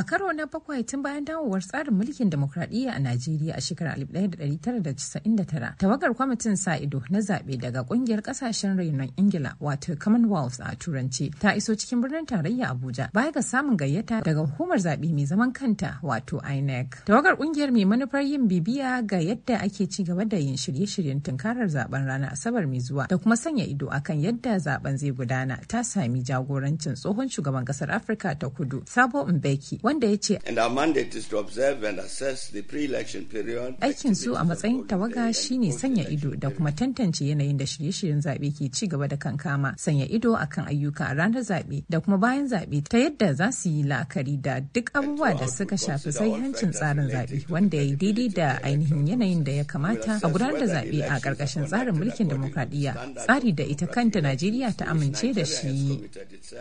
A karo na bakwai tun bayan dawowar tsarin mulkin demokradiyya a Najeriya a shekarar tara. tawagar kwamitin sa ido na zaɓe daga ƙungiyar ƙasashen rainon Ingila wato Commonwealth a Turanci ta iso cikin birnin tarayya Abuja baya ga samun gayyata daga hukumar zaɓe mai zaman kanta wato INEC. Tawagar ƙungiyar mai manufar yin bibiya ga yadda ake ci gaba da yin shirye-shiryen tunkarar zaben ranar Asabar mai zuwa da kuma sanya ido akan yadda zaben zai gudana ta sami jagorancin tsohon shugaban ƙasar Afirka ta Kudu Sabo Mbeki wanda ya ce aikin su a matsayin tawaga shine sanya ido da kuma tantance yanayin da shirye-shiryen zaɓe ke ci gaba da kankama sanya ido akan ayyuka a ranar zaɓe da kuma bayan zaɓe ta yadda za su yi la'akari da duk abubuwa da suka shafi sai hancin tsarin zaɓe wanda ya yi daidai da ainihin yanayin da ya kamata a gudanar da zaɓe a ƙarƙashin tsarin mulkin demokradiyya tsari da ita kanta Najeriya ta amince da shi.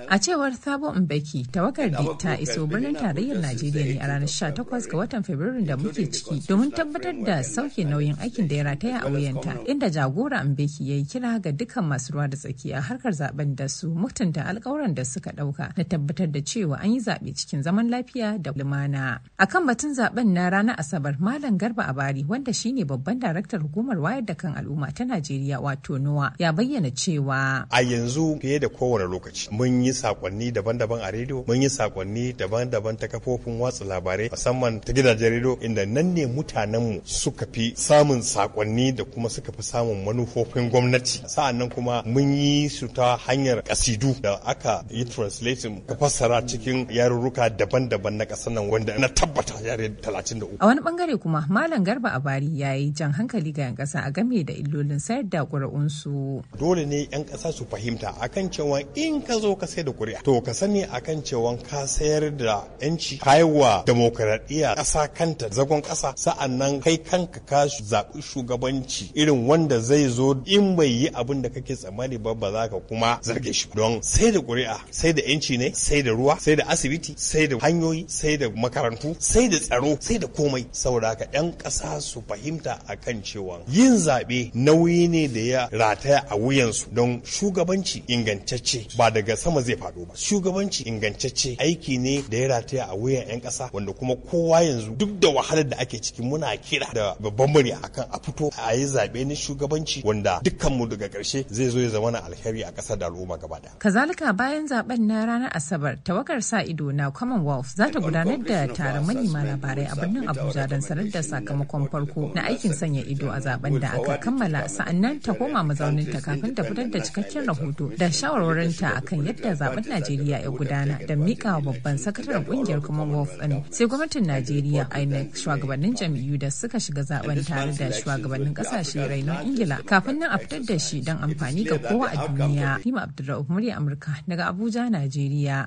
A cewar sabon Mbeki, tawagar ta iso birnin tare tarayyar Najeriya ne a ranar 18 ga watan Fabrairu da muke ciki domin tabbatar da sauke nauyin aikin da ya rataya a wuyanta inda jagora Mbeki ya yi kira ga dukkan masu ruwa da tsaki a harkar zaben da su mutunta alkawuran da suka dauka na tabbatar da cewa an yi zaɓe cikin zaman lafiya da lumana. Akan batun zaben na ranar Asabar Malam Garba Abari wanda shine babban daraktar hukumar wayar da kan al'umma ta Najeriya wato NOWA ya bayyana cewa a yanzu fiye da kowane lokaci mun yi sakonni daban-daban a rediyo mun yi sakonni daban-daban ta kafofin watsa labarai musamman ta gidajen rediyo inda nan ne mutanenmu suka fi samun sakonni da kuma suka fi samun manufofin gwamnati sa'an nan kuma mun yi su ta hanyar kasidu da aka yi translating ka fassara cikin yarurruka daban-daban na ƙasar nan wanda na tabbata yare 33 a wani bangare kuma malam garba abari ya yi jan hankali ga 'yan ƙasa a game da illolin sayar da su. dole ne 'yan kasa su fahimta akan cewa in ka zo ka sayar da ƙuri'a to ka sani akan cewa ka sayar da 'yanci kaiwa demokradiyya ƙasa kanta zagon ƙasa sa'annan kai kanka ka zaɓi shugabanci irin wanda zai zo in bai yi abin da kake tsammani ba ba za ka kuma zarge shi don sai da ƙuri'a sai da 'yanci ne sai da ruwa sai da asibiti sai da hanyoyi sai da makarantu sai da tsaro sai da komai saboda ka ɗan ƙasa su fahimta a kan cewa yin zaɓe nauyi ne da ya rataya a wuyansu don shugabanci ingantacce ba daga sama zai faɗo ba shugabanci ingantacce aiki ne da ya rataya a wuyan 'yan ƙasa wanda kuma kowa yanzu duk da wahalar da ake ciki muna kira da babban murya akan a fito a yi zaɓe na shugabanci wanda dukkan mu daga ƙarshe zai zo ya zama na alheri a ƙasar da al'umma gaba ɗaya. Kazalika bayan zaben na ranar Asabar tawagar sa ido na Commonwealth za ta gudanar da taron manema labarai a birnin Abuja don sanar da sakamakon farko na aikin sanya ido a zaben da aka kammala sa'annan ta koma mazaunin ta kafin ta fitar da cikakken rahoto da shawarwarinta akan yadda zaben Najeriya ya gudana da mika babban sakataren kungiyar kungiyar commonwealth din sai gwamnatin najeriya inec shugabannin jam'iyyu da suka shiga zaben tare da shugabannin kasashe rainon ingila kafin nan a fitar da shi don amfani ga kowa a duniya rima abdulrahman murya amurka daga abuja najeriya